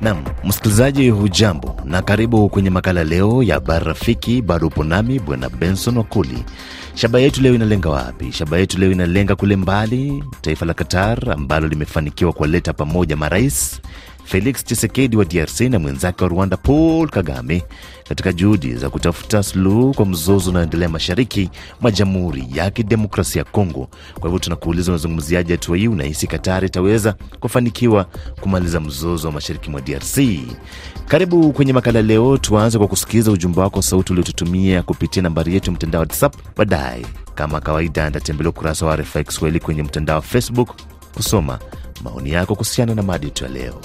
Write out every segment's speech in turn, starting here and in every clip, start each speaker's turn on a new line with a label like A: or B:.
A: Nam msikilizaji, hujambo na karibu kwenye makala leo ya Habari Rafiki. Bado upo nami Bwana Benson Wakuli. shaba yetu leo inalenga wapi? shaba yetu leo inalenga kule mbali, taifa la Qatar ambalo limefanikiwa kuwaleta pamoja marais Felix chisekedi wa DRC na mwenzake wa Rwanda Paul Kagame katika juhudi za kutafuta suluhu kwa mzozo unaoendelea mashariki mwa Jamhuri ya Kidemokrasia ya Kongo. Kwa hivyo tunakuuliza, unazungumziaje hatua hii? Unahisi Katari itaweza kufanikiwa kumaliza mzozo wa mashariki mwa DRC? Karibu kwenye makala leo. Tuanze kwa kusikiliza ujumbe wako sauti uliotutumia kupitia nambari yetu ya mtandao wa WhatsApp. Baadaye kama kawaida, andatembelea ukurasa wa RFI Kiswahili kwenye mtandao wa Facebook kusoma maoni yako kuhusiana na mada yetu ya leo.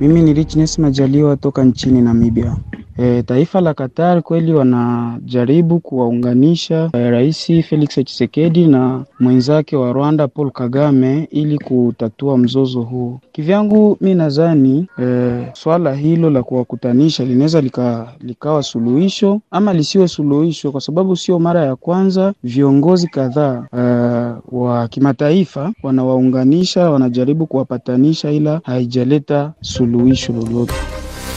A: Mimi ni Richness Majaliwa toka nchini Namibia. E, taifa la Qatar kweli wanajaribu kuwaunganisha e, Rais Felix Tshisekedi na mwenzake wa Rwanda Paul Kagame ili kutatua mzozo huu. Kivyangu mi nadhani e, swala hilo la kuwakutanisha linaweza lika, likawa suluhisho ama lisiwe suluhisho, kwa sababu sio mara ya kwanza viongozi kadhaa e, wa kimataifa wanawaunganisha, wanajaribu kuwapatanisha, ila haijaleta suluhisho lolote.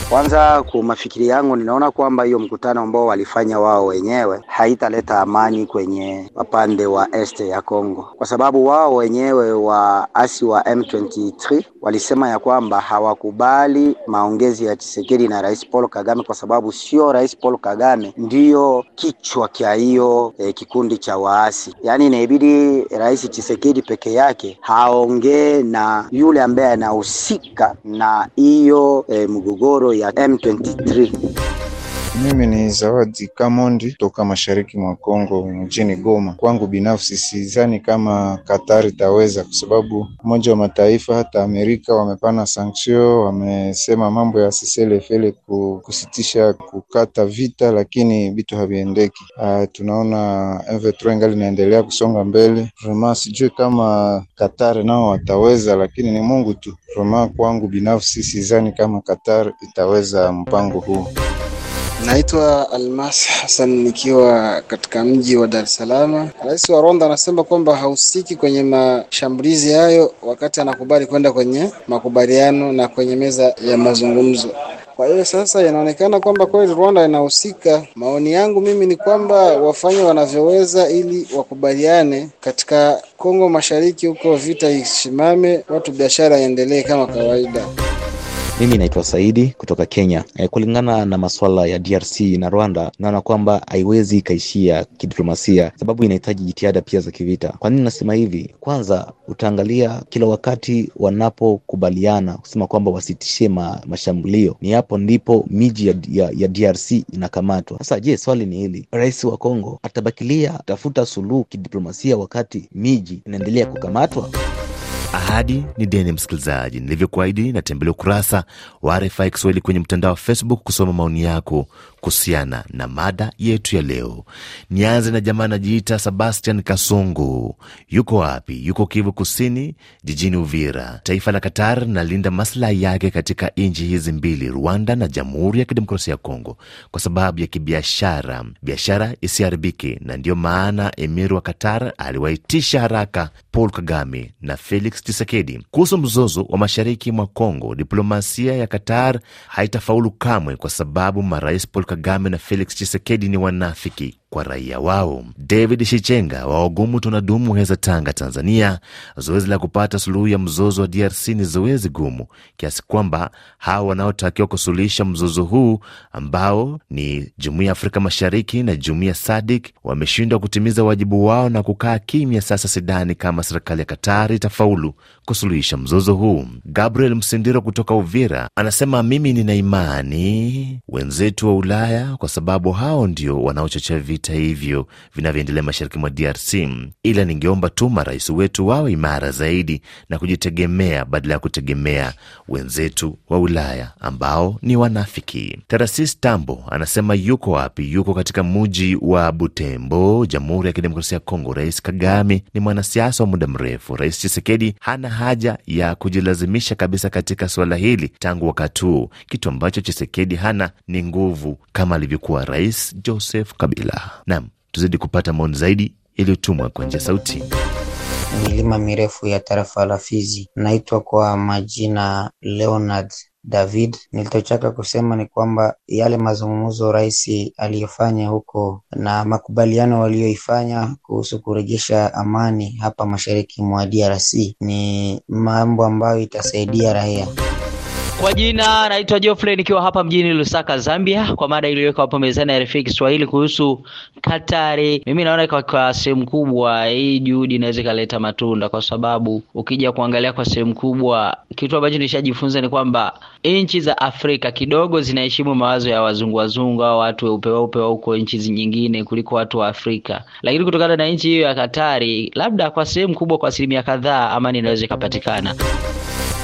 A: Kwanza, kwa mafikiri yangu ninaona kwamba hiyo mkutano ambao walifanya wao wenyewe haitaleta amani kwenye upande wa este ya Kongo, kwa sababu wao wenyewe waasi wa M23 walisema ya kwamba hawakubali maongezi ya Tshisekedi na Rais Paul Kagame, kwa sababu sio Rais Paul Kagame ndiyo kichwa kya hiyo e, kikundi cha waasi. Yaani inabidi Rais Tshisekedi peke yake haongee na yule ambaye anahusika na hiyo e, mgogoro Warrior M23. Mimi ni Zawadi Kamondi toka mashariki mwa Kongo mjini Goma. Kwangu binafsi sidhani kama Qatar itaweza, kwa sababu Umoja wa Mataifa hata Amerika wamepana sanktio, wamesema mambo ya siselefele kusitisha kukata vita, lakini vitu haviendeki. Ah, tunaona M23 ingali inaendelea kusonga mbele. Roma sijui kama Qatar nao wataweza, lakini ni Mungu tu. Roma kwangu binafsi sidhani kama Qatar itaweza mpango huu. Naitwa Almas Hassan nikiwa katika mji wa Dar es Salaam. Rais wa Rwanda anasema kwamba hahusiki kwenye mashambulizi hayo wakati anakubali kwenda kwenye makubaliano na kwenye meza ya mazungumzo. Kwa hiyo sasa inaonekana kwamba kweli Rwanda inahusika. Maoni yangu mimi ni kwamba wafanye wanavyoweza ili wakubaliane. Katika Kongo Mashariki huko vita isimame, watu biashara iendelee kama kawaida. Mimi naitwa Saidi kutoka Kenya. E, kulingana na maswala ya DRC na Rwanda, naona kwamba haiwezi ikaishia kidiplomasia, sababu inahitaji jitihada pia za kivita. Kwa nini nasema hivi? Kwanza utaangalia kila wakati wanapokubaliana kusema kwamba wasitishe ma, mashambulio, ni hapo ndipo miji ya, ya, ya DRC inakamatwa. Sasa je, swali ni hili, rais wa Kongo atabakilia tafuta suluhu kidiplomasia wakati miji inaendelea kukamatwa? Ahadi ni deni, msikilizaji. Nilivyokuahidi, natembelea ukurasa wa RFI Kiswahili kwenye mtandao wa Facebook kusoma maoni yako kuhusiana na mada yetu ya leo. Nianze na jamaa anajiita Sebastian Kasungu. Yuko wapi? Yuko Kivu Kusini, jijini Uvira. Taifa la katar nalinda maslahi yake katika nchi hizi mbili, Rwanda na Jamhuri ya Kidemokrasia ya Kongo, kwa sababu ya kibiashara, biashara isiharibiki, na ndiyo maana emir wa katar aliwaitisha haraka Paul Kagame na Felix Tshisekedi kuhusu mzozo wa mashariki mwa Kongo. Diplomasia ya katar haitafaulu kamwe, kwa sababu marais Paul Kagame na Felix chisekedi ni wanafiki kwa raia wao. David Shichenga wa Wagumu Tunadumu Heza, Tanga, Tanzania. Zoezi la kupata suluhu ya mzozo wa DRC ni zoezi gumu kiasi kwamba hawa wanaotakiwa kusuluhisha mzozo huu ambao ni Jumuiya ya Afrika Mashariki na Jumuiya Sadik wameshindwa kutimiza wajibu wao na kukaa kimya. Sasa sidani kama serikali ya Katari itafaulu kusuluhisha mzozo huu. Gabriel Msindiro kutoka Uvira anasema mimi nina imani wenzetu wa Ulaya kwa sababu hao ndio wanaochochea vita hivyo vinavyoendelea mashariki mwa DRC, ila ningeomba tu marais wetu wawe imara zaidi na kujitegemea badala ya kutegemea wenzetu wa Ulaya ambao ni wanafiki. Tarasis Tambo anasema yuko wapi? Yuko katika muji wa Butembo, Jamhuri ya Kidemokrasia ya Kongo. Rais Kagame ni mwanasiasa wa muda mrefu. Rais Chisekedi hana haja ya kujilazimisha kabisa katika suala hili tangu wakati huu. Kitu ambacho Chisekedi hana ni nguvu kama alivyokuwa Rais Joseph Kabila nam tuzidi kupata maoni zaidi yaliyotumwa kwa njia sauti. Milima mirefu ya tarafa la Fizi. Naitwa kwa majina Leonard David. Nilichotaka kusema ni kwamba yale mazungumzo rais aliyofanya huko na makubaliano waliyoifanya kuhusu kurejesha amani hapa mashariki mwa DRC ni mambo ambayo itasaidia raia. Kwa jina naitwa Geoffrey nikiwa hapa mjini Lusaka, Zambia, kwa mada iliyowekwa hapo mezani ya RFI Kiswahili kuhusu Katari. Mimi naona kwa, kwa sehemu kubwa hii juhudi inaweza ikaleta matunda, kwa sababu ukija kuangalia kwa sehemu kubwa, kitu ambacho nishajifunza ni kwamba nchi za Afrika kidogo zinaheshimu mawazo ya wazungu wazungu au watu weupe weupe wa huko nchi nyingine kuliko watu wa Afrika, lakini kutokana na nchi hiyo ya Katari, labda kwa sehemu kubwa, kwa asilimia kadhaa, amani inaweza ikapatikana.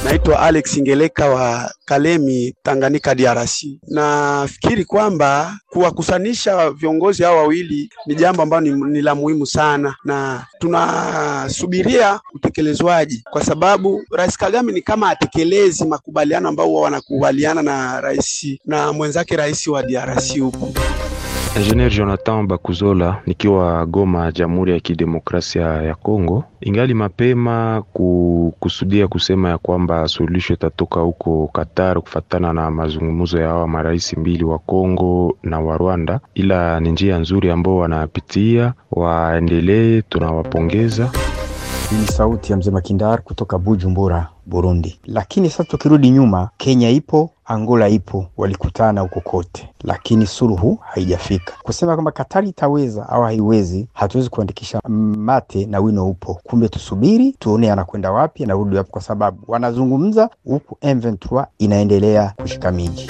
A: Naitwa Alex Ngeleka wa Kalemi, Tanganyika, DRC. Nafikiri kwamba kuwakusanisha viongozi hao wawili ni jambo ambalo ni, ni la muhimu sana, na tunasubiria utekelezwaji, kwa sababu Rais Kagame ni kama atekelezi makubaliano ambayo wanakubaliana na rais na mwenzake rais wa DRC huko ingenier Jonathan Bakuzola nikiwa Goma, Jamhuri ya Kidemokrasia ya Kongo. Ingali mapema kukusudia kusema ya kwamba suluhisho itatoka huko Qatar kufatana na mazungumzo ya hawa marais mbili wa Kongo na wa Rwanda, ila ni njia nzuri ambao wanapitia, waendelee, tunawapongeza. Hii ni sauti ya mzee Makindar kutoka Bujumbura, Burundi. Lakini sasa tukirudi nyuma, Kenya ipo, Angola ipo, walikutana huko kote, lakini suluhu haijafika. Kusema kwamba Katari itaweza au haiwezi, hatuwezi kuandikisha mate na wino upo. Kumbe tusubiri tuone anakwenda wapi, anarudi wapi, kwa sababu wanazungumza huku M23 inaendelea kushika miji.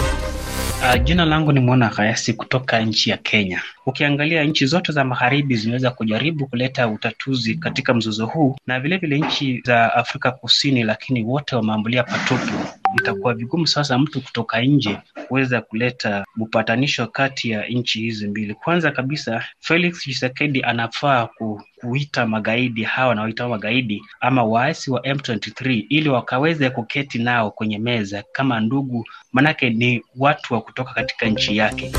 A: Uh, jina langu ni Mwana Kayasi kutoka nchi ya Kenya. Ukiangalia nchi zote za magharibi zimeweza kujaribu kuleta utatuzi katika mzozo huu na vilevile nchi za Afrika Kusini, lakini wote wameambulia patupu. Itakuwa vigumu sasa mtu kutoka nje kuweza kuleta upatanisho kati ya nchi hizi mbili. Kwanza kabisa, Felix Tshisekedi anafaa ku kuita magaidi hawa naoita magaidi ama waasi wa M23 ili wakaweze kuketi nao kwenye meza kama ndugu, manake ni watu wa kutoka katika nchi yake.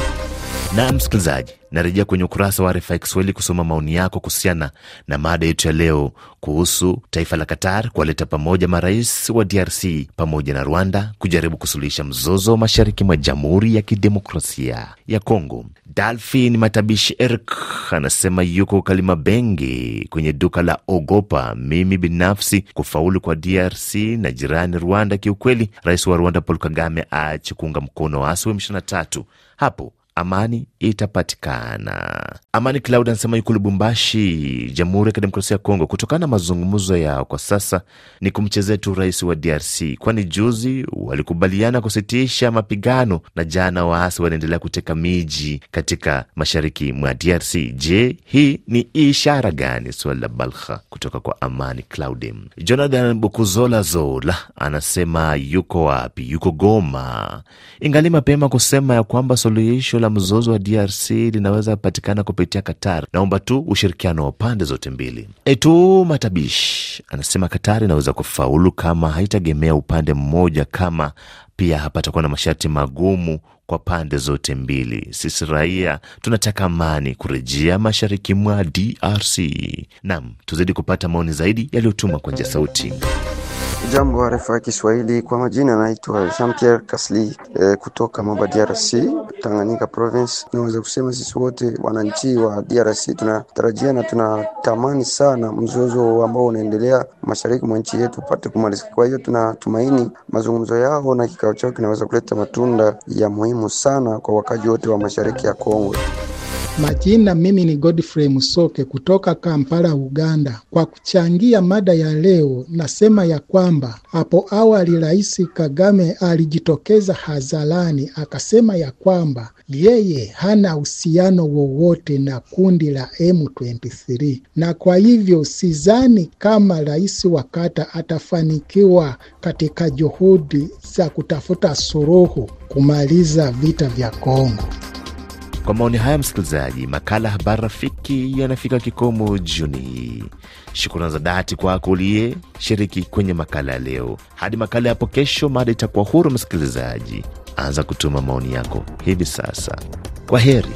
A: Na msikilizaji, narejea kwenye ukurasa wa RFI Kiswahili kusoma maoni yako kuhusiana na mada yetu ya leo kuhusu taifa la Qatar kuwaleta pamoja marais wa DRC pamoja na Rwanda kujaribu kusuluhisha mzozo wa mashariki mwa Jamhuri ya Kidemokrasia ya Kongo. Dalfin Matabishi Erk anasema yuko Kalimabengi kwenye duka la Ogopa. Mimi binafsi kufaulu kwa DRC na jirani Rwanda, kiukweli rais wa Rwanda Paul Kagame aache kuunga mkono waasi wa M23 hapo amani itapatikana. Amani claud anasema yuko Lubumbashi, Jamhuri ya Kidemokrasia ya Kongo. Kutokana na mazungumzo yao kwa sasa ni kumchezea tu rais wa DRC, kwani juzi walikubaliana kusitisha mapigano na jana waasi wanaendelea kuteka miji katika mashariki mwa DRC. Je, hii ni ishara gani? Swali la balha kutoka kwa Amani claud Jonathan Bukuzola Zola anasema yuko wapi? Yuko Goma. Ingali mapema kusema ya kwamba suluhisho la mzozo wa DRC linaweza patikana kupitia Qatar. Naomba tu ushirikiano wa pande zote mbili. Etu Matabish anasema Qatar inaweza kufaulu kama haitegemea upande mmoja, kama pia hapatakuwa na masharti magumu kwa pande zote mbili. Sisi raia tunataka amani kurejea mashariki mwa DRC. Nam, tuzidi kupata maoni zaidi yaliyotumwa kwa njia sauti. Jambo warefu ya Kiswahili, kwa majina naitwa Jean Pierre Kasli eh, kutoka Moba DRC Tanganyika province. Naweza kusema sisi wote wananchi wa DRC tunatarajia na tunatamani sana mzozo ambao unaendelea mashariki mwa nchi yetu upate kumalizika. Kwa hiyo tunatumaini mazungumzo yao na kikao chao kinaweza kuleta matunda ya muhimu sana kwa wakaji wote wa mashariki ya Kongo. Majina, mimi ni Godfrey Musoke kutoka Kampala, Uganda. Kwa kuchangia mada ya leo, nasema ya kwamba hapo awali Rais Kagame alijitokeza hadharani akasema ya kwamba yeye hana uhusiano wowote na kundi la M23, na kwa hivyo sidhani kama rais wa Kata atafanikiwa katika juhudi za kutafuta suluhu kumaliza vita vya Kongo. Kwa maoni haya, msikilizaji, makala Habari Rafiki yanafika kikomo jioni hii. Shukrani za dhati kwako uliye shiriki kwenye makala ya leo. Hadi makala yapo kesho, mada itakuwa huru. Msikilizaji, anza kutuma maoni yako hivi sasa. Kwa heri.